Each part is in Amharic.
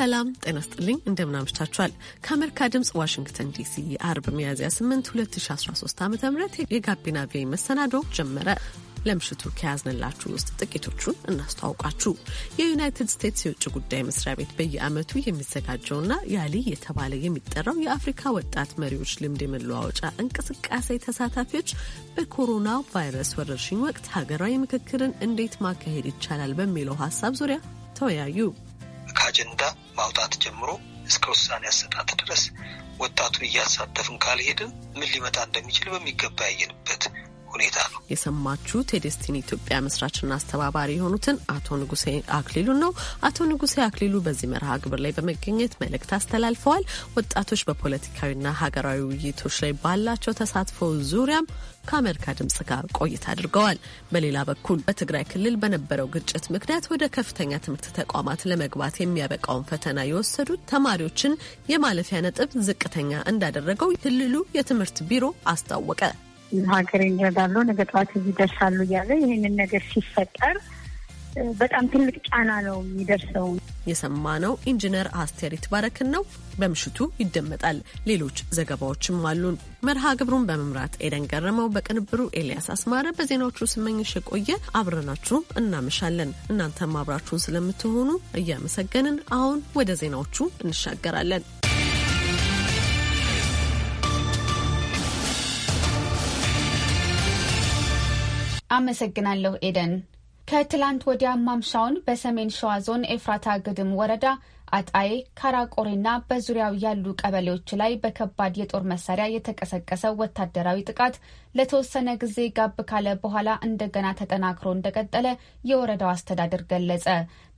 ሰላም ጤና ስጥልኝ፣ እንደምናምሽታችኋል። ከአሜሪካ ድምፅ ዋሽንግተን ዲሲ የአርብ ሚያዝያ 8 2013 ዓ ም የጋቢና ቪ መሰናዶ ጀመረ። ለምሽቱ ከያዝንላችሁ ውስጥ ጥቂቶቹን እናስተዋውቃችሁ። የዩናይትድ ስቴትስ የውጭ ጉዳይ መስሪያ ቤት በየዓመቱ የሚዘጋጀውና ያሊ የተባለ የሚጠራው የአፍሪካ ወጣት መሪዎች ልምድ የመለዋወጫ እንቅስቃሴ ተሳታፊዎች በኮሮና ቫይረስ ወረርሽኝ ወቅት ሀገራዊ ምክክርን እንዴት ማካሄድ ይቻላል በሚለው ሀሳብ ዙሪያ ተወያዩ። አጀንዳ ማውጣት ጀምሮ እስከ ውሳኔ አሰጣት ድረስ ወጣቱን እያሳተፍን ካልሄድን ምን ሊመጣ እንደሚችል በሚገባ ያየንበት ሁኔታ ነው። የሰማችሁት የዴስቲኒ ኢትዮጵያ መስራችና አስተባባሪ የሆኑትን አቶ ንጉሴ አክሊሉን ነው። አቶ ንጉሴ አክሊሉ በዚህ መርሃ ግብር ላይ በመገኘት መልእክት አስተላልፈዋል። ወጣቶች በፖለቲካዊና ሀገራዊ ውይይቶች ላይ ባላቸው ተሳትፎ ዙሪያም ከአሜሪካ ድምጽ ጋር ቆይታ አድርገዋል። በሌላ በኩል በትግራይ ክልል በነበረው ግጭት ምክንያት ወደ ከፍተኛ ትምህርት ተቋማት ለመግባት የሚያበቃውን ፈተና የወሰዱት ተማሪዎችን የማለፊያ ነጥብ ዝቅተኛ እንዳደረገው ክልሉ የትምህርት ቢሮ አስታወቀ። ሀገሬን ይረዳሉ፣ ነገ ጠዋት እዚህ ይደርሳሉ እያለ ይህንን ነገር ሲፈጠር በጣም ትልቅ ጫና ነው የሚደርሰው። የሰማነው ኢንጂነር አስቴር ይትባረክን ነው። በምሽቱ ይደመጣል። ሌሎች ዘገባዎችም አሉን። መርሃ ግብሩን በመምራት ኤደን ገረመው፣ በቅንብሩ ኤልያስ አስማረ፣ በዜናዎቹ ስመኝሽ የቆየ አብረናችሁ እናመሻለን። እናንተም አብራችሁን ስለምትሆኑ እያመሰገንን አሁን ወደ ዜናዎቹ እንሻገራለን። አመሰግናለሁ ኤደን። ከትላንት ወዲያ ማምሻውን በሰሜን ሸዋ ዞን ኤፍራታ ግድም ወረዳ አጣዬ፣ ካራቆሬና በዙሪያው ያሉ ቀበሌዎች ላይ በከባድ የጦር መሳሪያ የተቀሰቀሰ ወታደራዊ ጥቃት ለተወሰነ ጊዜ ጋብ ካለ በኋላ እንደገና ተጠናክሮ እንደቀጠለ የወረዳው አስተዳደር ገለጸ።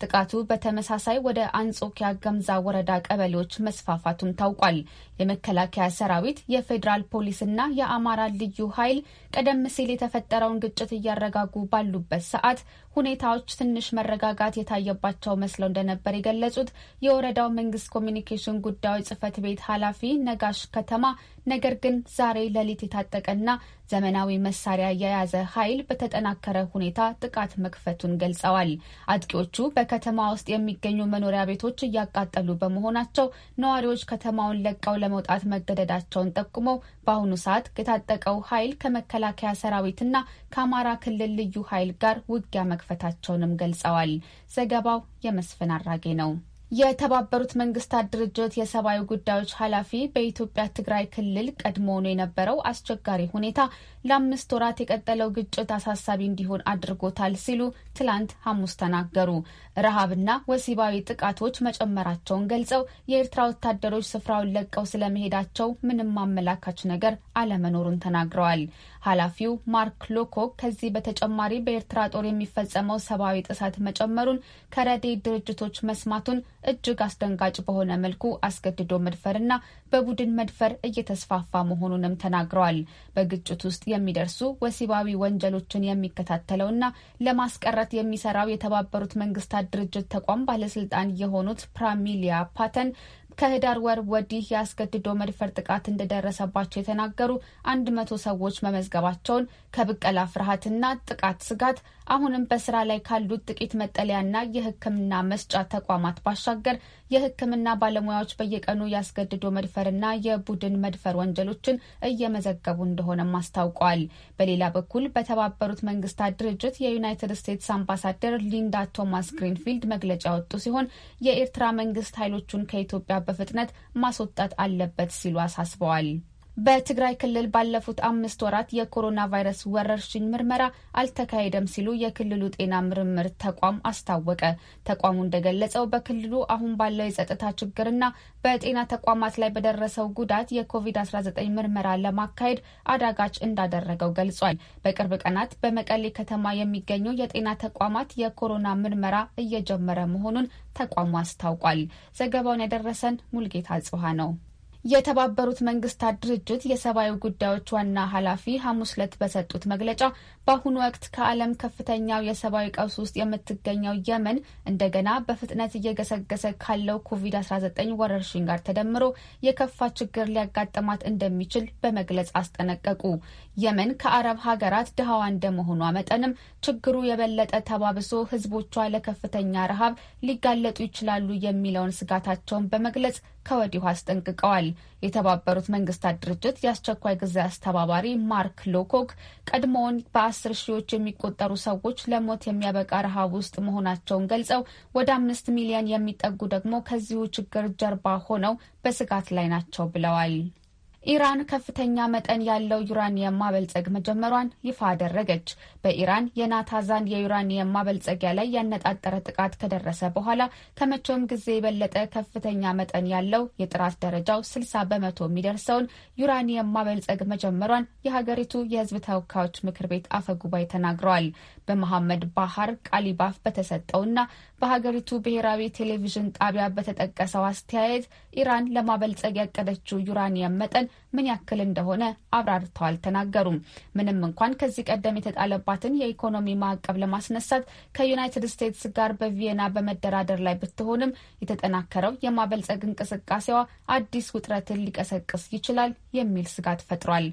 ጥቃቱ በተመሳሳይ ወደ አንጾኪያ ገምዛ ወረዳ ቀበሌዎች መስፋፋቱም ታውቋል። የመከላከያ ሰራዊት፣ የፌዴራል ፖሊስና የአማራ ልዩ ኃይል ቀደም ሲል የተፈጠረውን ግጭት እያረጋጉ ባሉበት ሰዓት ሁኔታዎች ትንሽ መረጋጋት የታየባቸው መስለው እንደነበር የገለጹት የወረዳው መንግስት ኮሚኒኬሽን ጉዳዮች ጽህፈት ቤት ኃላፊ ነጋሽ ከተማ፣ ነገር ግን ዛሬ ሌሊት የታጠቀና ዘመናዊ መሳሪያ የያዘ ኃይል በተጠናከረ ሁኔታ ጥቃት መክፈቱን ገልጸዋል። አጥቂዎቹ በከተማ ውስጥ የሚገኙ መኖሪያ ቤቶች እያቃጠሉ በመሆናቸው ነዋሪዎች ከተማውን ለቀው ለመውጣት መገደዳቸውን ጠቁመው በአሁኑ ሰዓት የታጠቀው ኃይል ከመከላከያ ሰራዊትና ከአማራ ክልል ልዩ ኃይል ጋር ውጊያ መክፈታቸውንም ገልጸዋል። ዘገባው የመስፍን አራጌ ነው። የተባበሩት መንግስታት ድርጅት የሰብአዊ ጉዳዮች ኃላፊ በኢትዮጵያ ትግራይ ክልል ቀድሞውኑ የነበረው አስቸጋሪ ሁኔታ ለአምስት ወራት የቀጠለው ግጭት አሳሳቢ እንዲሆን አድርጎታል ሲሉ ትላንት ሐሙስ ተናገሩ። ረሃብና ወሲባዊ ጥቃቶች መጨመራቸውን ገልጸው የኤርትራ ወታደሮች ስፍራውን ለቀው ስለመሄዳቸው ምንም አመላካች ነገር አለመኖሩን ተናግረዋል። ኃላፊው ማርክ ሎኮክ ከዚህ በተጨማሪ በኤርትራ ጦር የሚፈጸመው ሰብአዊ ጥሰት መጨመሩን ከረድኤት ድርጅቶች መስማቱን እጅግ አስደንጋጭ በሆነ መልኩ አስገድዶ መድፈርና በቡድን መድፈር እየተስፋፋ መሆኑንም ተናግረዋል። በግጭት ውስጥ የሚደርሱ ወሲባዊ ወንጀሎችን የሚከታተለውና ለማስቀረት የሚሰራው የተባበሩት መንግስታት ድርጅት ተቋም ባለስልጣን የሆኑት ፕራሚሊያ ፓተን ከህዳር ወር ወዲህ የአስገድዶ መድፈር ጥቃት እንደደረሰባቸው የተናገሩ አንድ መቶ ሰዎች መመዝገባቸውን ከብቀላ ፍርሃትና ጥቃት ስጋት አሁንም በስራ ላይ ካሉት ጥቂት መጠለያና የሕክምና መስጫ ተቋማት ባሻገር የሕክምና ባለሙያዎች በየቀኑ ያስገድዶ መድፈርና የቡድን መድፈር ወንጀሎችን እየመዘገቡ እንደሆነም አስታውቀዋል። በሌላ በኩል በተባበሩት መንግስታት ድርጅት የዩናይትድ ስቴትስ አምባሳደር ሊንዳ ቶማስ ግሪንፊልድ መግለጫ ያወጡ ሲሆን የኤርትራ መንግስት ኃይሎቹን ከኢትዮጵያ በፍጥነት ማስወጣት አለበት ሲሉ አሳስበዋል። በትግራይ ክልል ባለፉት አምስት ወራት የኮሮና ቫይረስ ወረርሽኝ ምርመራ አልተካሄደም ሲሉ የክልሉ ጤና ምርምር ተቋም አስታወቀ። ተቋሙ እንደገለጸው በክልሉ አሁን ባለው የጸጥታ ችግርና በጤና ተቋማት ላይ በደረሰው ጉዳት የኮቪድ-19 ምርመራ ለማካሄድ አዳጋች እንዳደረገው ገልጿል። በቅርብ ቀናት በመቀሌ ከተማ የሚገኙ የጤና ተቋማት የኮሮና ምርመራ እየጀመረ መሆኑን ተቋሙ አስታውቋል። ዘገባውን ያደረሰን ሙልጌታ ጽሀ ነው። የተባበሩት መንግስታት ድርጅት የሰብአዊ ጉዳዮች ዋና ኃላፊ ሐሙስ ዕለት በሰጡት መግለጫ በአሁኑ ወቅት ከዓለም ከፍተኛው የሰብአዊ ቀውስ ውስጥ የምትገኘው የመን እንደገና በፍጥነት እየገሰገሰ ካለው ኮቪድ-19 ወረርሽኝ ጋር ተደምሮ የከፋ ችግር ሊያጋጥማት እንደሚችል በመግለጽ አስጠነቀቁ። የመን ከአረብ ሀገራት ድሃዋ እንደመሆኗ መጠንም ችግሩ የበለጠ ተባብሶ ህዝቦቿ ለከፍተኛ ረሃብ ሊጋለጡ ይችላሉ የሚለውን ስጋታቸውን በመግለጽ ከወዲሁ አስጠንቅቀዋል። የተባበሩት መንግስታት ድርጅት የአስቸኳይ ጊዜ አስተባባሪ ማርክ ሎኮክ ቀድሞውን በአስር ሺዎች የሚቆጠሩ ሰዎች ለሞት የሚያበቃ ረሃብ ውስጥ መሆናቸውን ገልጸው ወደ አምስት ሚሊዮን የሚጠጉ ደግሞ ከዚሁ ችግር ጀርባ ሆነው በስጋት ላይ ናቸው ብለዋል። ኢራን ከፍተኛ መጠን ያለው ዩራኒየም ማበልጸግ መጀመሯን ይፋ አደረገች። በኢራን የናታዛን የዩራኒየም ማበልጸጊያ ላይ ያነጣጠረ ጥቃት ከደረሰ በኋላ ከመቼውም ጊዜ የበለጠ ከፍተኛ መጠን ያለው የጥራት ደረጃው 60 በመቶ የሚደርሰውን ዩራኒየም ማበልጸግ መጀመሯን የሀገሪቱ የሕዝብ ተወካዮች ምክር ቤት አፈ ጉባኤ ተናግረዋል። በመሐመድ ባህር ቃሊባፍ በተሰጠውና በሀገሪቱ ብሔራዊ ቴሌቪዥን ጣቢያ በተጠቀሰው አስተያየት ኢራን ለማበልጸግ ያቀደችው ዩራኒየም መጠን ምን ያክል እንደሆነ አብራርተው አልተናገሩም። ምንም እንኳን ከዚህ ቀደም የተጣለባ ያለባትን የኢኮኖሚ ማዕቀብ ለማስነሳት ከዩናይትድ ስቴትስ ጋር በቪየና በመደራደር ላይ ብትሆንም የተጠናከረው የማበልጸግ እንቅስቃሴዋ አዲስ ውጥረትን ሊቀሰቅስ ይችላል የሚል ስጋት ፈጥሯል።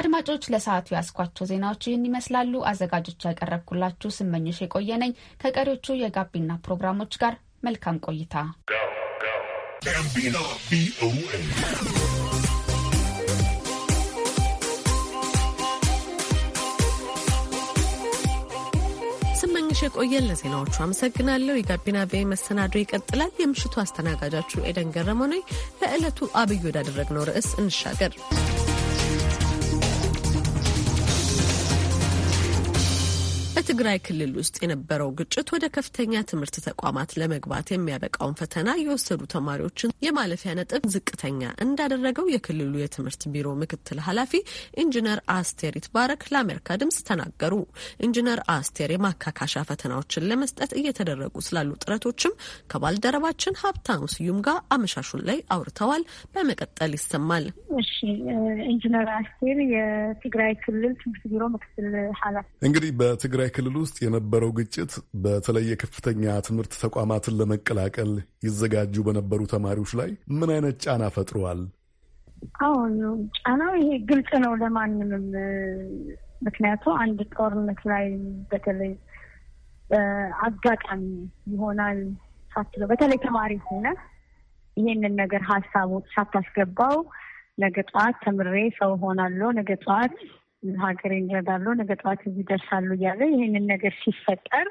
አድማጮች፣ ለሰዓቱ ያስኳቸው ዜናዎች ይህን ይመስላሉ። አዘጋጆች ያቀረብኩላችሁ ስመኝሽ የቆየነኝ ከቀሪዎቹ የጋቢና ፕሮግራሞች ጋር መልካም ቆይታ። ስመኝሽ የቆየን ለዜናዎቹ አመሰግናለሁ። የጋቢና ቤ መሰናዶ ይቀጥላል። የምሽቱ አስተናጋጃችሁ ኤደን ገረመ ነኝ። ለዕለቱ አብይ ወዳደረግነው ርዕስ እንሻገር። በትግራይ ክልል ውስጥ የነበረው ግጭት ወደ ከፍተኛ ትምህርት ተቋማት ለመግባት የሚያበቃውን ፈተና የወሰዱ ተማሪዎችን የማለፊያ ነጥብ ዝቅተኛ እንዳደረገው የክልሉ የትምህርት ቢሮ ምክትል ኃላፊ ኢንጂነር አስቴር ይትባረክ ለአሜሪካ ድምጽ ተናገሩ። ኢንጂነር አስቴር የማካካሻ ፈተናዎችን ለመስጠት እየተደረጉ ስላሉ ጥረቶችም ከባልደረባችን ሀብታኑ ስዩም ጋር አመሻሹን ላይ አውርተዋል። በመቀጠል ይሰማል። እሺ፣ ኢንጂነር አስቴር የትግራይ ክልል ትምህርት ቢሮ ምክትል ኃላፊ እንግዲህ በትግራይ ክልል ውስጥ የነበረው ግጭት በተለይ የከፍተኛ ትምህርት ተቋማትን ለመቀላቀል ይዘጋጁ በነበሩ ተማሪዎች ላይ ምን አይነት ጫና ፈጥረዋል? አሁን ጫናው ይሄ ግልጽ ነው ለማንምም። ምክንያቱ አንድ ጦርነት ላይ በተለይ አጋጣሚ ይሆናል ሳትለው በተለይ ተማሪ ሆነ ይሄንን ነገር ሀሳቡ ሳታስገባው ነገ ጠዋት ተምሬ ሰው ሆናለሁ ነገ ጠዋት ሀገሬን ይረዳሉ፣ ነገ ጠዋት እዚህ ይደርሳሉ እያለ ይህንን ነገር ሲፈጠር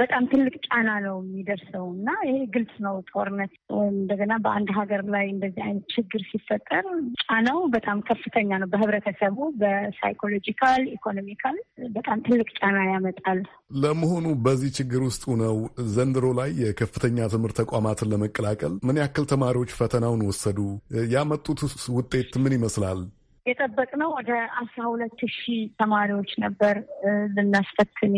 በጣም ትልቅ ጫና ነው የሚደርሰው እና ይሄ ግልጽ ነው። ጦርነት ወይም እንደገና በአንድ ሀገር ላይ እንደዚህ አይነት ችግር ሲፈጠር ጫናው በጣም ከፍተኛ ነው። በህብረተሰቡ፣ በሳይኮሎጂካል ኢኮኖሚካል በጣም ትልቅ ጫና ያመጣል። ለመሆኑ በዚህ ችግር ውስጥ ሆነው ዘንድሮ ላይ የከፍተኛ ትምህርት ተቋማትን ለመቀላቀል ምን ያክል ተማሪዎች ፈተናውን ወሰዱ? ያመጡት ውጤት ምን ይመስላል? የጠበቅነው ወደ አስራ ሁለት ሺህ ተማሪዎች ነበር ልናስፈትን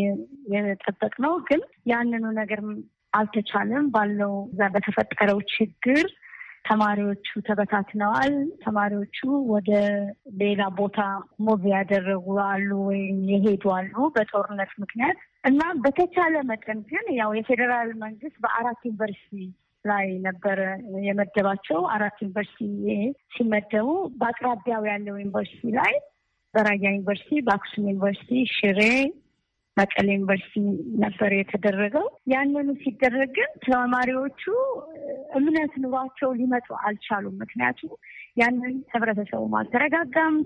የጠበቅነው፣ ግን ያንኑ ነገር አልተቻለም። ባለው እዛ በተፈጠረው ችግር ተማሪዎቹ ተበታትነዋል። ተማሪዎቹ ወደ ሌላ ቦታ ሞቭ ያደረጉ አሉ ወይም የሄዱ አሉ በጦርነት ምክንያት እና በተቻለ መጠን ግን ያው የፌዴራል መንግስት በአራት ዩኒቨርሲቲ ላይ ነበር የመደባቸው። አራት ዩኒቨርሲቲ ሲመደቡ በአቅራቢያው ያለው ዩኒቨርሲቲ ላይ በራያ ዩኒቨርሲቲ፣ በአክሱም ዩኒቨርሲቲ፣ ሽሬ፣ መቀሌ ዩኒቨርሲቲ ነበር የተደረገው። ያንኑ ሲደረግ ግን ተማሪዎቹ እምነት ኑሯቸው ሊመጡ አልቻሉም። ምክንያቱም ያንን ህብረተሰቡም አልተረጋጋም፣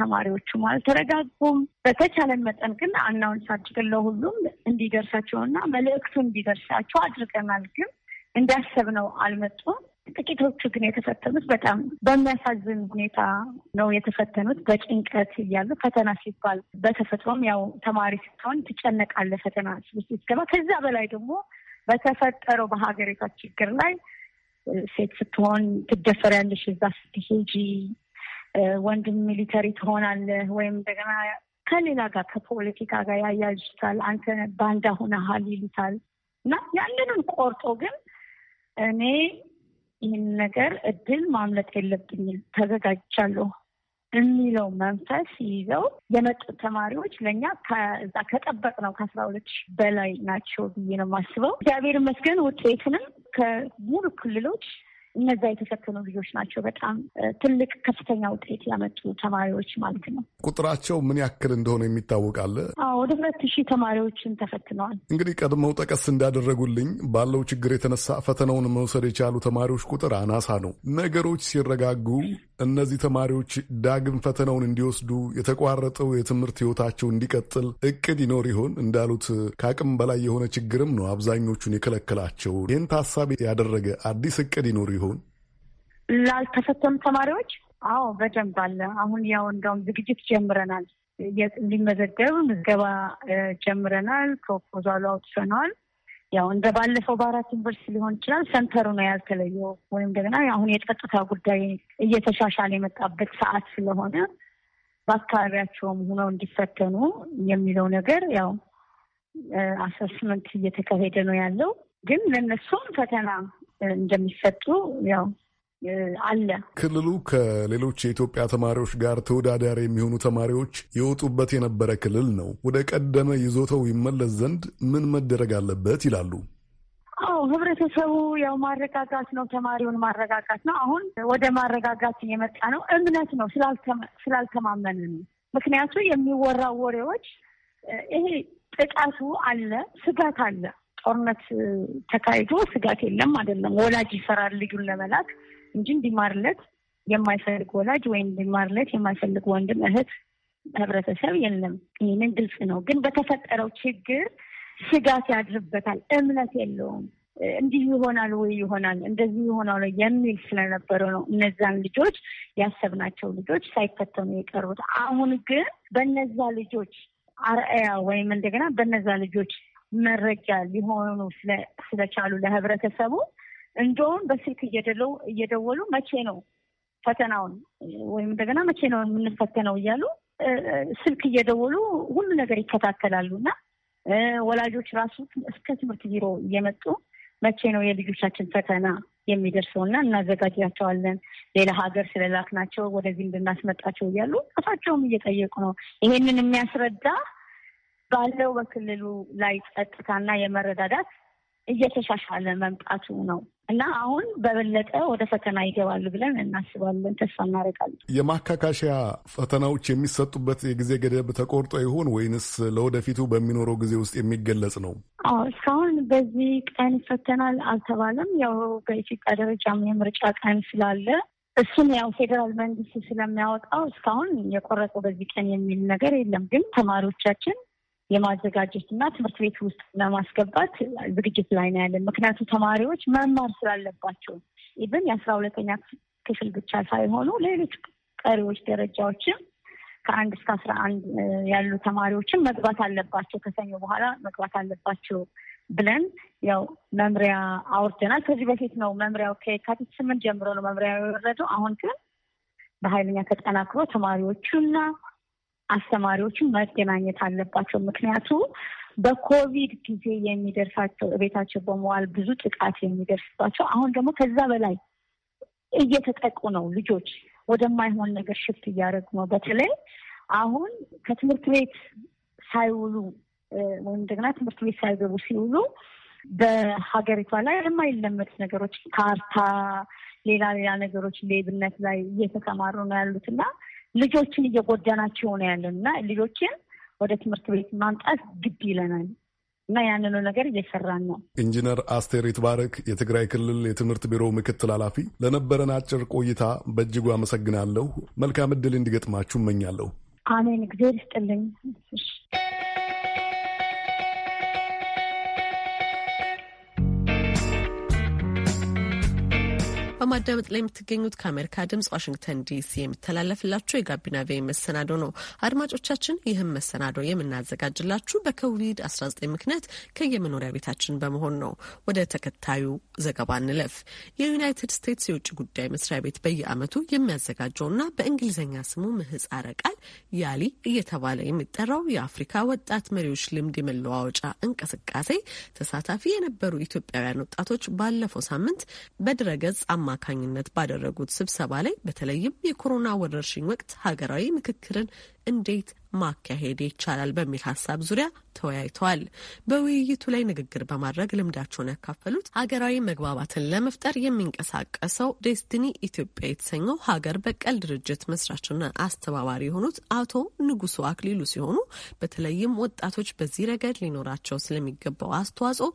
ተማሪዎቹም አልተረጋጉም። በተቻለን መጠን ግን አናውንስ አድርገን ለሁሉም እንዲደርሳቸውና መልእክቱ እንዲደርሳቸው አድርገናል ግን እንዳሰብነው አልመጡም። ጥቂቶቹ ግን የተፈተኑት በጣም በሚያሳዝን ሁኔታ ነው የተፈተኑት። በጭንቀት እያሉ ፈተና ሲባል በተፈጥሮም ያው ተማሪ ስትሆን ትጨነቃለህ። ፈተና ውስጥ ስትገባ ከዛ በላይ ደግሞ በተፈጠረው በሀገሪቷ ችግር ላይ ሴት ስትሆን ትደፈሪያለሽ፣ እዛ ስትሄጂ ወንድም ሚሊተሪ ትሆናለህ ወይም እንደገና ከሌላ ጋር ከፖለቲካ ጋር ያያዙታል አንተ ባንዳ ሁነሃል ይሉታል እና ያንንን ቆርጦ ግን እኔ ይህን ነገር እድል ማምለጥ የለብኝም ተዘጋጅቻለሁ የሚለው መንፈስ ይዘው የመጡት ተማሪዎች ለእኛ ከዛ ነው ከአስራ ሁለት ሺህ በላይ ናቸው ብዬ ነው የማስበው። እግዚአብሔር ይመስገን ውጤትንም ከሙሉ ክልሎች እነዛ የተፈተኑ ልጆች ናቸው በጣም ትልቅ ከፍተኛ ውጤት ያመጡ ተማሪዎች ማለት ነው። ቁጥራቸው ምን ያክል እንደሆነ የሚታወቃል? ወደ ሁለት ሺህ ተማሪዎችን ተፈትነዋል። እንግዲህ ቀድመው ጠቀስ እንዳደረጉልኝ ባለው ችግር የተነሳ ፈተናውን መውሰድ የቻሉ ተማሪዎች ቁጥር አናሳ ነው። ነገሮች ሲረጋጉ እነዚህ ተማሪዎች ዳግም ፈተናውን እንዲወስዱ የተቋረጠው የትምህርት ህይወታቸው እንዲቀጥል እቅድ ይኖር ይሆን? እንዳሉት ከአቅም በላይ የሆነ ችግርም ነው አብዛኞቹን የከለከላቸው። ይህን ታሳቢ ያደረገ አዲስ እቅድ ይኖር ይሆን? ይሁን? ላልተፈተኑ ተማሪዎች? አዎ በደንብ አለ። አሁን ያው እንደውም ዝግጅት ጀምረናል። ሊመዘገብ ምዝገባ ጀምረናል። ፕሮፖዛሉ አውጥተነዋል። ያው እንደ ባለፈው በአራት ዩኒቨርሲቲ ሊሆን ይችላል። ሰንተሩ ነው ያልተለየው ወይም ደግና አሁን የጸጥታ ጉዳይ እየተሻሻለ የመጣበት ሰዓት ስለሆነ በአካባቢያቸውም ሆነው እንዲፈተኑ የሚለው ነገር ያው አሰስመንት እየተካሄደ ነው ያለው። ግን ለእነሱም ፈተና እንደሚሰጡ ያው አለ። ክልሉ ከሌሎች የኢትዮጵያ ተማሪዎች ጋር ተወዳዳሪ የሚሆኑ ተማሪዎች የወጡበት የነበረ ክልል ነው። ወደ ቀደመ ይዞታው ይመለስ ዘንድ ምን መደረግ አለበት ይላሉ? አዎ ህብረተሰቡ ያው ማረጋጋት ነው፣ ተማሪውን ማረጋጋት ነው። አሁን ወደ ማረጋጋት የመጣ ነው። እምነት ነው ስላልተማመን ምክንያቱ የሚወራው ወሬዎች ይሄ ጥቃቱ አለ፣ ስጋት አለ ጦርነት ተካሂዶ ስጋት የለም አይደለም። ወላጅ ይሰራል ልጁን ለመላክ እንጂ እንዲማርለት የማይፈልግ ወላጅ ወይም እንዲማርለት የማይፈልግ ወንድም እህት፣ ህብረተሰብ የለም። ይህንን ግልጽ ነው። ግን በተፈጠረው ችግር ስጋት ያድርበታል። እምነት የለውም። እንዲህ ይሆናል ወይ ይሆናል እንደዚህ ይሆናል የሚል ስለነበረ ነው እነዛን ልጆች ያሰብናቸው ልጆች ሳይፈተኑ የቀሩት። አሁን ግን በነዛ ልጆች አርአያ ወይም እንደገና በነዛ ልጆች መረጃ ሊሆኑ ስለቻሉ ለህብረተሰቡ እንደውም በስልክ እየደወሉ መቼ ነው ፈተናውን ወይም እንደገና መቼ ነው የምንፈተነው እያሉ ስልክ እየደወሉ ሁሉ ነገር ይከታተላሉ እና ወላጆች ራሱ እስከ ትምህርት ቢሮ እየመጡ መቼ ነው የልጆቻችን ፈተና የሚደርሰው እና እናዘጋጃቸዋለን፣ ሌላ ሀገር ስለላክናቸው ወደዚህ እንድናስመጣቸው እያሉ እራሳቸውም እየጠየቁ ነው። ይሄንን የሚያስረዳ ባለው በክልሉ ላይ ጸጥታና የመረዳዳት እየተሻሻለ መምጣቱ ነው እና አሁን በበለጠ ወደ ፈተና ይገባሉ ብለን እናስባለን፣ ተስፋ እናደርጋለን። የማካካሻ ፈተናዎች የሚሰጡበት የጊዜ ገደብ ተቆርጦ ይሆን ወይንስ ለወደፊቱ በሚኖረው ጊዜ ውስጥ የሚገለጽ ነው? እስካሁን በዚህ ቀን ይፈተናል አልተባለም። ያው በኢትዮጵያ ደረጃ የምርጫ ቀን ስላለ እሱም ያው ፌዴራል መንግስት ስለሚያወጣው እስካሁን የቆረጠው በዚህ ቀን የሚል ነገር የለም። ግን ተማሪዎቻችን የማዘጋጀት እና ትምህርት ቤት ውስጥ ለማስገባት ዝግጅት ላይ ነው ያለን። ምክንያቱም ተማሪዎች መማር ስላለባቸው ኢብን የአስራ ሁለተኛ ክፍል ብቻ ሳይሆኑ ሌሎች ቀሪዎች ደረጃዎችም ከአንድ እስከ አስራ አንድ ያሉ ተማሪዎችን መግባት አለባቸው፣ ከሰኞ በኋላ መግባት አለባቸው ብለን ያው መምሪያ አውርደናል። ከዚህ በፊት ነው መምሪያው ከየካቲት ስምንት ጀምሮ ነው መምሪያው የወረደው። አሁን ግን በኃይለኛ ተጠናክሮ ተማሪዎቹና አስተማሪዎቹ መፍትሄ ማግኘት አለባቸው። ምክንያቱ በኮቪድ ጊዜ የሚደርሳቸው ቤታቸው በመዋል ብዙ ጥቃት የሚደርስባቸው አሁን ደግሞ ከዛ በላይ እየተጠቁ ነው። ልጆች ወደማይሆን ነገር ሽፍት እያደረጉ ነው። በተለይ አሁን ከትምህርት ቤት ሳይውሉ ወይም እንደገና ትምህርት ቤት ሳይገቡ ሲውሉ በሀገሪቷ ላይ የማይለመድ ነገሮች፣ ካርታ፣ ሌላ ሌላ ነገሮች፣ ሌብነት ላይ እየተሰማሩ ነው ያሉት እና ልጆችን እየጎዳናቸው ነው ያለን እና ልጆችን ወደ ትምህርት ቤት ማምጣት ግድ ይለናል እና ያንኑ ነገር እየሰራን ነው። ኢንጂነር አስቴር ይትባረክ የትግራይ ክልል የትምህርት ቢሮ ምክትል ኃላፊ፣ ለነበረን አጭር ቆይታ በእጅጉ አመሰግናለሁ። መልካም እድል እንዲገጥማችሁ እመኛለሁ። አሜን። እግዜር ይስጥልኝ። በማዳመጥ ላይ የምትገኙት ከአሜሪካ ድምጽ ዋሽንግተን ዲሲ የሚተላለፍላችሁ የጋቢና ቬ መሰናዶ ነው። አድማጮቻችን፣ ይህም መሰናዶ የምናዘጋጅላችሁ በኮቪድ-19 ምክንያት ከየመኖሪያ ቤታችን በመሆን ነው። ወደ ተከታዩ ዘገባ እንለፍ። የዩናይትድ ስቴትስ የውጭ ጉዳይ መስሪያ ቤት በየአመቱ የሚያዘጋጀውና በእንግሊዝኛ ስሙ ምህጻረ ቃል ያሊ እየተባለ የሚጠራው የአፍሪካ ወጣት መሪዎች ልምድ የመለዋወጫ እንቅስቃሴ ተሳታፊ የነበሩ ኢትዮጵያውያን ወጣቶች ባለፈው ሳምንት በድረገጽ አማ አማካኝነት ባደረጉት ስብሰባ ላይ በተለይም የኮሮና ወረርሽኝ ወቅት ሀገራዊ ምክክርን እንዴት ማካሄድ ይቻላል በሚል ሀሳብ ዙሪያ ተወያይተዋል። በውይይቱ ላይ ንግግር በማድረግ ልምዳቸውን ያካፈሉት ሀገራዊ መግባባትን ለመፍጠር የሚንቀሳቀሰው ዴስቲኒ ኢትዮጵያ የተሰኘው ሀገር በቀል ድርጅት መስራችና አስተባባሪ የሆኑት አቶ ንጉሱ አክሊሉ ሲሆኑ በተለይም ወጣቶች በዚህ ረገድ ሊኖራቸው ስለሚገባው አስተዋጽኦ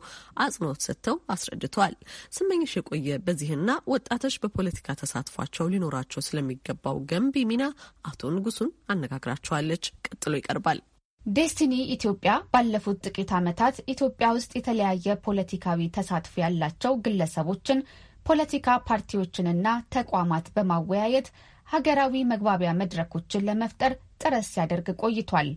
አጽንኦት ሰጥተው አስረድተዋል። ስመኝሽ የቆየ በዚህና ወጣቶች በፖለቲካ ተሳትፏቸው ሊኖራቸው ስለሚገባው ገንቢ ሚና አቶ ንጉሱን አነጋግራቸዋል። አቅርባችኋለች። ቀጥሎ ይቀርባል። ዴስቲኒ ኢትዮጵያ ባለፉት ጥቂት ዓመታት ኢትዮጵያ ውስጥ የተለያየ ፖለቲካዊ ተሳትፎ ያላቸው ግለሰቦችን፣ ፖለቲካ ፓርቲዎችንና ተቋማት በማወያየት ሀገራዊ መግባቢያ መድረኮችን ለመፍጠር ጥረት ሲያደርግ ቆይቷል።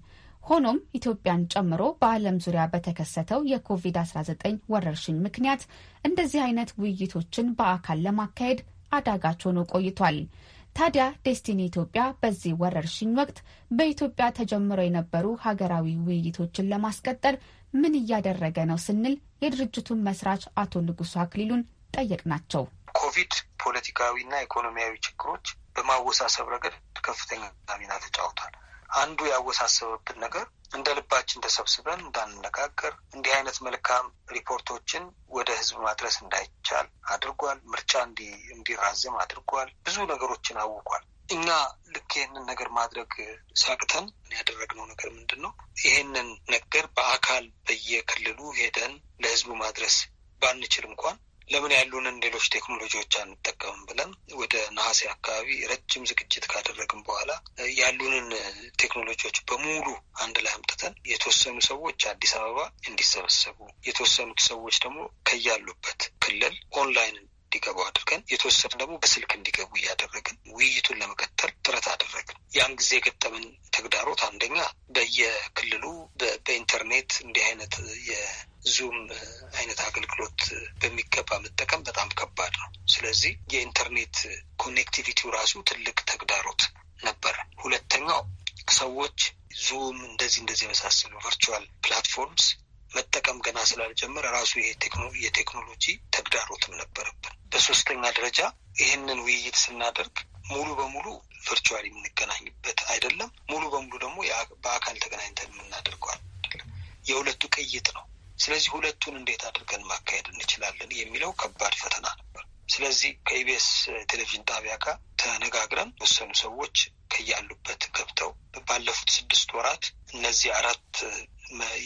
ሆኖም ኢትዮጵያን ጨምሮ በዓለም ዙሪያ በተከሰተው የኮቪድ-19 ወረርሽኝ ምክንያት እንደዚህ አይነት ውይይቶችን በአካል ለማካሄድ አዳጋች ሆኖ ቆይቷል። ታዲያ ዴስቲኒ ኢትዮጵያ በዚህ ወረርሽኝ ወቅት በኢትዮጵያ ተጀምረው የነበሩ ሀገራዊ ውይይቶችን ለማስቀጠል ምን እያደረገ ነው ስንል የድርጅቱን መስራች አቶ ንጉሱ አክሊሉን ጠየቅናቸው። ኮቪድ ፖለቲካዊና ኢኮኖሚያዊ ችግሮች በማወሳሰብ ረገድ ከፍተኛ ሚና ተጫውቷል። አንዱ ያወሳሰበብን ነገር እንደ ልባችን ተሰብስበን እንዳንነጋገር እንዲህ አይነት መልካም ሪፖርቶችን ወደ ህዝብ ማድረስ እንዳይቻል አድርጓል። ምርጫ እንዲራዘም አድርጓል። ብዙ ነገሮችን አውቋል። እኛ ልክ ይህንን ነገር ማድረግ ሳቅተን ያደረግነው ነገር ምንድን ነው? ይህንን ነገር በአካል በየክልሉ ሄደን ለህዝቡ ማድረስ ባንችል እንኳን ለምን ያሉንን ሌሎች ቴክኖሎጂዎች አንጠቀምም ብለን ወደ ነሐሴ አካባቢ ረጅም ዝግጅት ካደረግን በኋላ ያሉንን ቴክኖሎጂዎች በሙሉ አንድ ላይ አምጥተን የተወሰኑ ሰዎች አዲስ አበባ እንዲሰበሰቡ፣ የተወሰኑት ሰዎች ደግሞ ከያሉበት ክልል ኦንላይን እንዲገቡ አድርገን የተወሰኑ ደግሞ በስልክ እንዲገቡ እያደረግን ውይይቱን ለመቀጠል ጥረት አደረግን። ያን ጊዜ የገጠምን ተግዳሮት አንደኛ በየክልሉ በኢንተርኔት እንዲህ አይነት ዙም አይነት አገልግሎት በሚገባ መጠቀም በጣም ከባድ ነው። ስለዚህ የኢንተርኔት ኮኔክቲቪቲው ራሱ ትልቅ ተግዳሮት ነበረ። ሁለተኛው ሰዎች ዙም እንደዚህ እንደዚህ የመሳሰሉ ቨርቹዋል ፕላትፎርምስ መጠቀም ገና ስላልጀመረ ራሱ የቴክኖሎጂ ተግዳሮትም ነበረብን። በሶስተኛ ደረጃ ይህንን ውይይት ስናደርግ ሙሉ በሙሉ ቨርቹዋል የምንገናኝበት አይደለም፣ ሙሉ በሙሉ ደግሞ በአካል ተገናኝተን የምናደርገው አይደለም። የሁለቱ ቅይጥ ነው። ስለዚህ ሁለቱን እንዴት አድርገን ማካሄድ እንችላለን የሚለው ከባድ ፈተና ነበር። ስለዚህ ከኢቢኤስ ቴሌቪዥን ጣቢያ ጋር ተነጋግረን ወሰኑ ሰዎች ከያሉበት ገብተው ባለፉት ስድስት ወራት እነዚህ አራት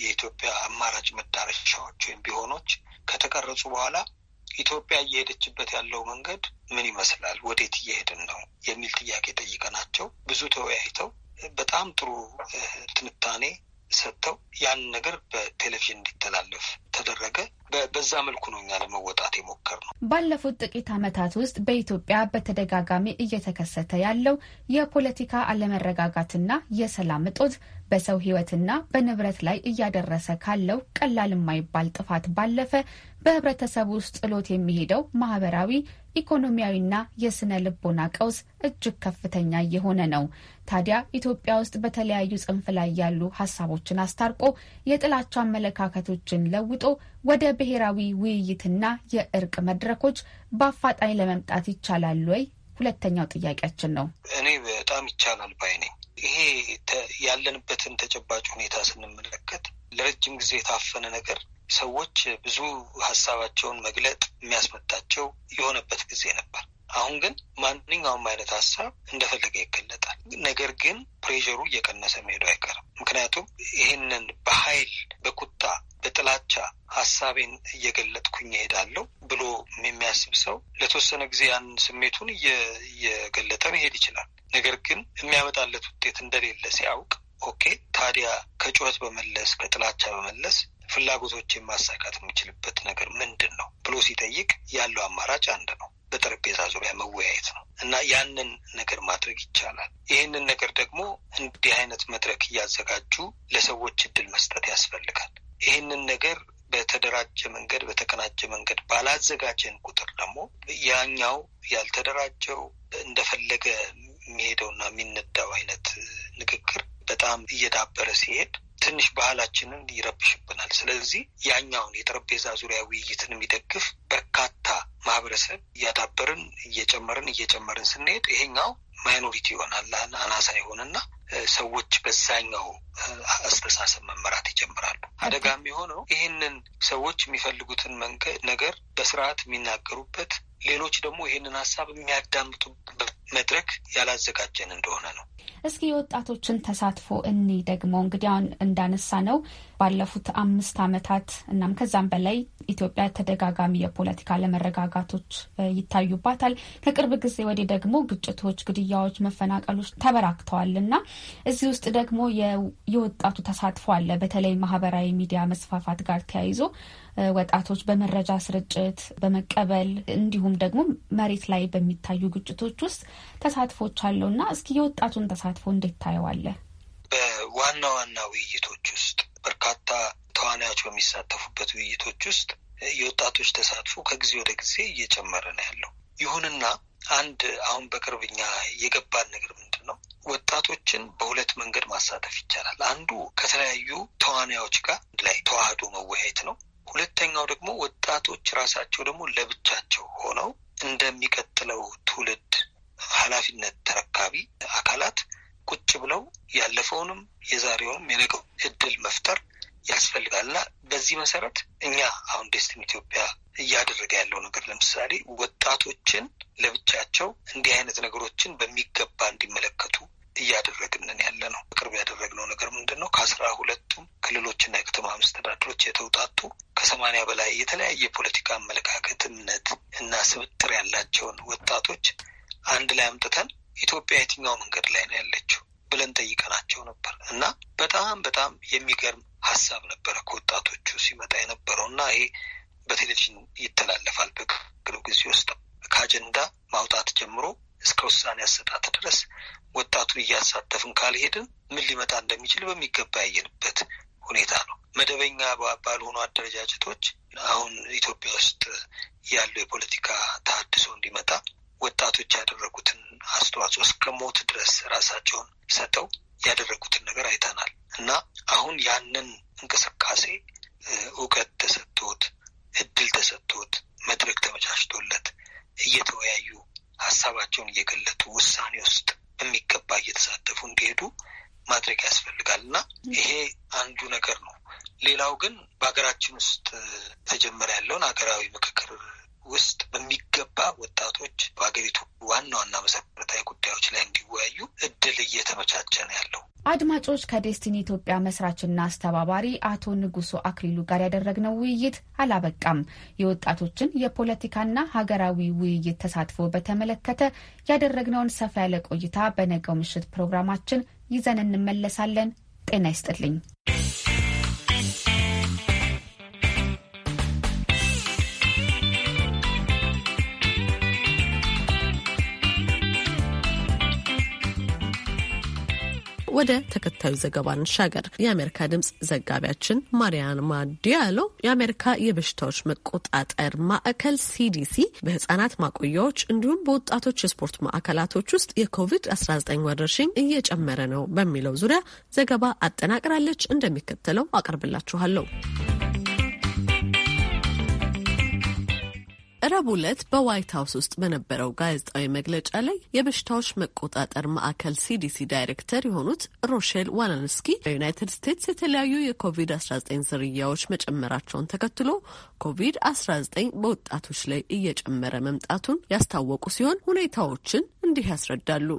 የኢትዮጵያ አማራጭ መዳረሻዎች ወይም ቢሆኖች ከተቀረጹ በኋላ ኢትዮጵያ እየሄደችበት ያለው መንገድ ምን ይመስላል፣ ወዴት እየሄድን ነው የሚል ጥያቄ ጠይቀናቸው ብዙ ተወያይተው በጣም ጥሩ ትንታኔ ሰጥተው ያን ነገር በቴሌቪዥን እንዲተላለፍ ተደረገ። በዛ መልኩ ነው እኛ ለመወጣት የሞከር ነው። ባለፉት ጥቂት ዓመታት ውስጥ በኢትዮጵያ በተደጋጋሚ እየተከሰተ ያለው የፖለቲካ አለመረጋጋትና የሰላም እጦት በሰው ሕይወትና በንብረት ላይ እያደረሰ ካለው ቀላል የማይባል ጥፋት ባለፈ በህብረተሰብ ውስጥ ጥሎት የሚሄደው ማህበራዊ ኢኮኖሚያዊና የስነ ልቦና ቀውስ እጅግ ከፍተኛ እየሆነ ነው። ታዲያ ኢትዮጵያ ውስጥ በተለያዩ ጽንፍ ላይ ያሉ ሀሳቦችን አስታርቆ የጥላቻ አመለካከቶችን ለውጦ ወደ ብሔራዊ ውይይትና የእርቅ መድረኮች በአፋጣኝ ለመምጣት ይቻላል ወይ? ሁለተኛው ጥያቄያችን ነው። እኔ በጣም ይቻላል ባይ ነኝ። ይሄ ያለንበትን ተጨባጭ ሁኔታ ስንመለከት ለረጅም ጊዜ የታፈነ ነገር ሰዎች ብዙ ሀሳባቸውን መግለጥ የሚያስመጣቸው የሆነበት ጊዜ ነበር። አሁን ግን ማንኛውም አይነት ሀሳብ እንደፈለገ ይገለጣል። ነገር ግን ፕሬሸሩ እየቀነሰ መሄዱ አይቀርም። ምክንያቱም ይህንን በኃይል በቁጣ በጥላቻ ሀሳቤን እየገለጥኩኝ እሄዳለሁ ብሎ የሚያስብ ሰው ለተወሰነ ጊዜ ያን ስሜቱን እየገለጠ መሄድ ይችላል። ነገር ግን የሚያመጣለት ውጤት እንደሌለ ሲያውቅ ኦኬ፣ ታዲያ ከጩኸት በመለስ ከጥላቻ በመለስ ፍላጎቶች ማሳካት የሚችልበት ነገር ምንድን ነው ብሎ ሲጠይቅ ያለው አማራጭ አንድ ነው። በጠረጴዛ ዙሪያ መወያየት ነው እና ያንን ነገር ማድረግ ይቻላል። ይህንን ነገር ደግሞ እንዲህ አይነት መድረክ እያዘጋጁ ለሰዎች እድል መስጠት ያስፈልጋል። ይህንን ነገር በተደራጀ መንገድ በተቀናጀ መንገድ ባላዘጋጀን ቁጥር ደግሞ ያኛው ያልተደራጀው እንደፈለገ የሚሄደውና የሚነዳው አይነት ንግግር በጣም እየዳበረ ሲሄድ ትንሽ ባህላችንን ይረብሽብናል። ስለዚህ ያኛውን የጠረጴዛ ዙሪያ ውይይትን የሚደግፍ በርካታ ማህበረሰብ እያዳበርን እየጨመርን እየጨመርን ስንሄድ ይሄኛው ማይኖሪቲ ይሆናል፣ አናሳ ይሆንና ሰዎች በዛኛው አስተሳሰብ መመራት ይጀምራሉ። አደጋ የሚሆነው ይህንን ሰዎች የሚፈልጉትን ነገር በስርዓት የሚናገሩበት ሌሎች ደግሞ ይህንን ሀሳብ የሚያዳምጡበት መድረክ ያላዘጋጀን እንደሆነ ነው። እስኪ የወጣቶችን ተሳትፎ እኒ ደግሞ እንግዲህ አሁን እንዳነሳ ነው ባለፉት አምስት ዓመታት እናም ከዛም በላይ ኢትዮጵያ ተደጋጋሚ የፖለቲካ አለመረጋጋቶች ይታዩባታል። ከቅርብ ጊዜ ወዲህ ደግሞ ግጭቶች፣ ግድያዎች፣ መፈናቀሎች ተበራክተዋል እና እዚህ ውስጥ ደግሞ የወጣቱ ተሳትፎ አለ። በተለይ ማህበራዊ ሚዲያ መስፋፋት ጋር ተያይዞ ወጣቶች በመረጃ ስርጭት በመቀበል እንዲሁም ደግሞ መሬት ላይ በሚታዩ ግጭቶች ውስጥ ተሳትፎች አለው እና እስኪ የወጣቱን ተሳትፎ እንዴት ታየዋለህ? በዋና ዋና ውይይቶች ውስጥ በርካታ ተዋናዮች በሚሳተፉበት ውይይቶች ውስጥ የወጣቶች ተሳትፎ ከጊዜ ወደ ጊዜ እየጨመረ ነው ያለው። ይሁንና አንድ አሁን በቅርብኛ የገባን ነገር ምንድን ነው፣ ወጣቶችን በሁለት መንገድ ማሳተፍ ይቻላል። አንዱ ከተለያዩ ተዋናዮች ጋር ላይ ተዋህዶ መወያየት ነው። ሁለተኛው ደግሞ ወጣቶች ራሳቸው ደግሞ ለብቻቸው ሆነው እንደሚቀጥለው ትውልድ ኃላፊነት ተረካቢ አካላት ቁጭ ብለው ያለፈውንም የዛሬውንም የነገው እድል መፍጠር ያስፈልጋል እና በዚህ መሰረት እኛ አሁን ዴስትም ኢትዮጵያ እያደረገ ያለው ነገር ለምሳሌ ወጣቶችን ለብቻቸው እንዲህ አይነት ነገሮችን በሚገባ እንዲመለከቱ እያደረግንን ያለ ነው። በቅርብ ያደረግነው ነገር ምንድን ነው? ከአስራ ሁለቱም ክልሎችና የከተማ መስተዳድሮች የተውጣጡ ከሰማንያ በላይ የተለያየ የፖለቲካ አመለካከት፣ እምነት እና ስብጥር ያላቸውን ወጣቶች አንድ ላይ አምጥተን ኢትዮጵያ የትኛው መንገድ ላይ ነው ያለች የሚገርም ሀሳባቸውን እየገለጡ ውሳኔ ውስጥ በሚገባ እየተሳተፉ እንዲሄዱ ማድረግ ያስፈልጋል እና ይሄ አንዱ ነገር ነው። ሌላው ግን በሀገራችን ውስጥ ተጀመረ ያለውን ሀገራዊ ምክክር ውስጥ በሚገባ ወጣቶች በሀገሪቱ ዋና ዋና መሰረታዊ ጉዳዮች ላይ እንዲወያዩ እድል እየተመቻቸ ነው ያለው። አድማጮች ከዴስቲኒ ኢትዮጵያ መስራችና አስተባባሪ አቶ ንጉሶ አክሊሉ ጋር ያደረግነው ውይይት አላበቃም። የወጣቶችን የፖለቲካና ሀገራዊ ውይይት ተሳትፎ በተመለከተ ያደረግነውን ሰፋ ያለ ቆይታ በነገው ምሽት ፕሮግራማችን ይዘን እንመለሳለን። ጤና ይስጥልኝ። ወደ ተከታዩ ዘገባ እንሻገር። የአሜሪካ ድምጽ ዘጋቢያችን ማሪያማ ዲያሎ የአሜሪካ የበሽታዎች መቆጣጠር ማዕከል ሲዲሲ በህጻናት ማቆያዎች እንዲሁም በወጣቶች የስፖርት ማዕከላቶች ውስጥ የኮቪድ-19 ወረርሽኝ እየጨመረ ነው በሚለው ዙሪያ ዘገባ አጠናቅራለች። እንደሚከተለው አቀርብላችኋለሁ። ረቡዕ ዕለት በዋይት ሀውስ ውስጥ በነበረው ጋዜጣዊ መግለጫ ላይ የበሽታዎች መቆጣጠር ማዕከል ሲዲሲ ዳይሬክተር የሆኑት ሮሼል ዋናንስኪ በዩናይትድ ስቴትስ የተለያዩ የኮቪድ-19 ዝርያዎች መጨመራቸውን ተከትሎ ኮቪድ-19 በወጣቶች ላይ እየጨመረ መምጣቱን ያስታወቁ ሲሆን ሁኔታዎችን እንዲህ ያስረዳሉ።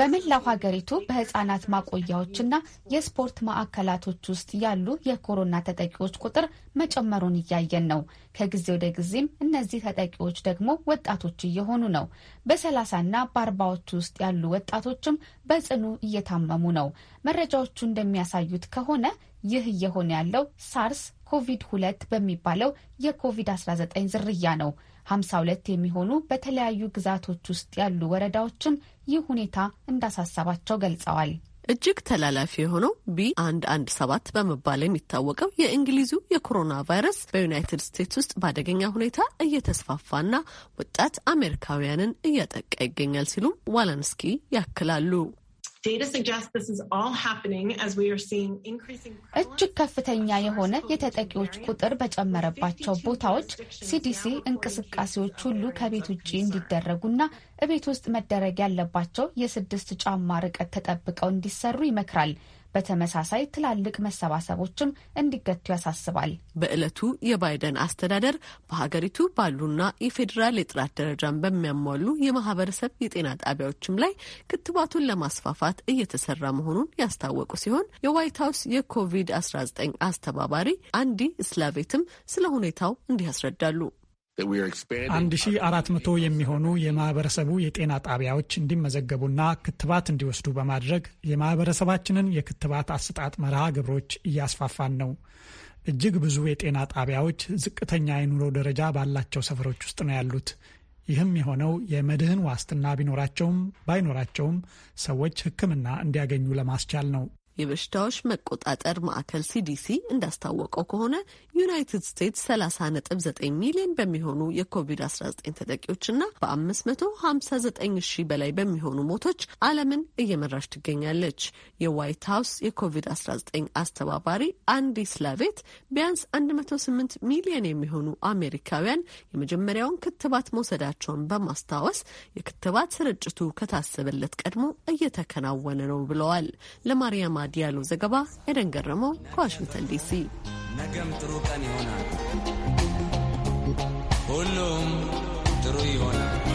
በመላው ሀገሪቱ በህጻናት ማቆያዎችና የስፖርት ማዕከላቶች ውስጥ ያሉ የኮሮና ተጠቂዎች ቁጥር መጨመሩን እያየን ነው። ከጊዜ ወደ ጊዜም እነዚህ ተጠቂዎች ደግሞ ወጣቶች እየሆኑ ነው። በሰላሳና በአርባዎች ውስጥ ያሉ ወጣቶችም በጽኑ እየታመሙ ነው። መረጃዎቹ እንደሚያሳዩት ከሆነ ይህ እየሆነ ያለው ሳርስ ኮቪድ ሁለት በሚባለው የኮቪድ-19 ዝርያ ነው። 52 የሚሆኑ በተለያዩ ግዛቶች ውስጥ ያሉ ወረዳዎችም ይህ ሁኔታ እንዳሳሰባቸው ገልጸዋል። እጅግ ተላላፊ የሆነው ቢ አንድ አንድ ሰባት በመባል የሚታወቀው የእንግሊዙ የኮሮና ቫይረስ በዩናይትድ ስቴትስ ውስጥ በአደገኛ ሁኔታ እየተስፋፋና ወጣት አሜሪካውያንን እያጠቃ ይገኛል ሲሉም ዋላንስኪ ያክላሉ። እጅግ ከፍተኛ የሆነ የተጠቂዎች ቁጥር በጨመረባቸው ቦታዎች ሲዲሲ እንቅስቃሴዎች ሁሉ ከቤት ውጭ እንዲደረጉና እቤት ውስጥ መደረግ ያለባቸው የስድስት ጫማ ርቀት ተጠብቀው እንዲሰሩ ይመክራል። በተመሳሳይ ትላልቅ መሰባሰቦችም እንዲገቱ ያሳስባል። በዕለቱ የባይደን አስተዳደር በሀገሪቱ ባሉና የፌዴራል የጥራት ደረጃን በሚያሟሉ የማህበረሰብ የጤና ጣቢያዎችም ላይ ክትባቱን ለማስፋፋት እየተሰራ መሆኑን ያስታወቁ ሲሆን የዋይት ሀውስ የኮቪድ-19 አስተባባሪ አንዲ ስላቬትም ስለ ሁኔታው እንዲህ ያስረዳሉ። 1400 የሚሆኑ የማህበረሰቡ የጤና ጣቢያዎች እንዲመዘገቡና ክትባት እንዲወስዱ በማድረግ የማህበረሰባችንን የክትባት አሰጣጥ መርሃ ግብሮች እያስፋፋን ነው። እጅግ ብዙ የጤና ጣቢያዎች ዝቅተኛ የኑሮ ደረጃ ባላቸው ሰፈሮች ውስጥ ነው ያሉት። ይህም የሆነው የመድህን ዋስትና ቢኖራቸውም ባይኖራቸውም ሰዎች ሕክምና እንዲያገኙ ለማስቻል ነው። የበሽታዎች መቆጣጠር ማዕከል ሲዲሲ እንዳስታወቀው ከሆነ ዩናይትድ ስቴትስ 30.9 ሚሊዮን በሚሆኑ የኮቪድ-19 ተጠቂዎችና በ559 ሺህ በላይ በሚሆኑ ሞቶች ዓለምን እየመራች ትገኛለች። የዋይት ሀውስ የኮቪድ-19 አስተባባሪ አንዲ ስላቬት ቢያንስ 108 ሚሊዮን የሚሆኑ አሜሪካውያን የመጀመሪያውን ክትባት መውሰዳቸውን በማስታወስ የክትባት ስርጭቱ ከታሰበለት ቀድሞ እየተከናወነ ነው ብለዋል። ለማርያም ዲያሎ ዘገባ። ኤደን ገረመው ከዋሽንግተን ዲሲ። ነገም ጥሩ ቀን ይሆናል፣ ሁሉም ጥሩ ይሆናል።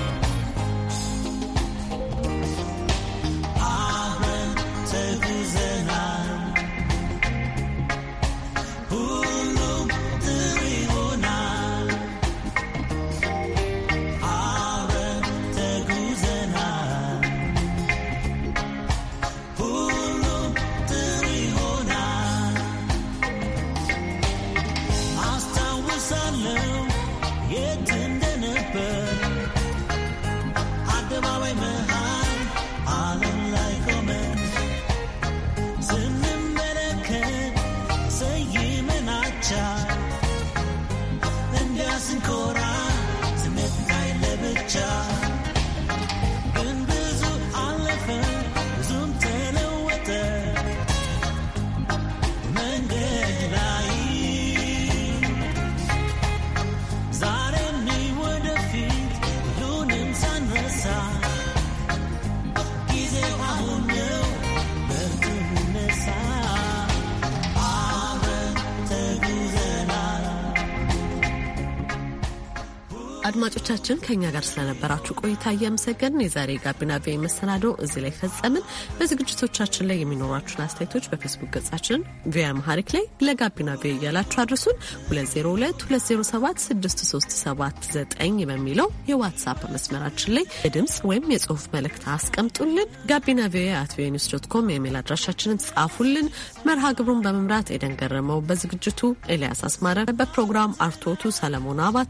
አድማጮቻችን ከኛ ጋር ስለነበራችሁ ቆይታ እያመሰገን የዛሬ ጋቢና ቪ መሰናዶ እዚህ ላይ ፈጸምን። በዝግጅቶቻችን ላይ የሚኖራችሁን አስተያየቶች በፌስቡክ ገጻችን ቪያ መሐሪክ ላይ ለጋቢና ቪ እያላችሁ አድርሱን። 2022076379 በሚለው የዋትሳፕ መስመራችን ላይ የድምፅ ወይም የጽሁፍ መልእክት አስቀምጡልን። ጋቢና ቪ አት ቪኦኤ ኒውስ ዶት ኮም የሜል አድራሻችንን ጻፉልን። መርሃ ግብሩን በመምራት ኤደን ገረመው፣ በዝግጅቱ ኤልያስ አስማረ፣ በፕሮግራም አርቶቱ ሰለሞን አባተ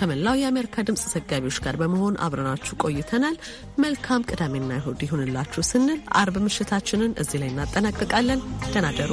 ከመላው የአሜሪካ ድምፅ ዘጋቢዎች ጋር በመሆን አብረናችሁ ቆይተናል። መልካም ቅዳሜና እሁድ ይሁንላችሁ ስንል አርብ ምሽታችንን እዚህ ላይ እናጠናቅቃለን። ደናደሩ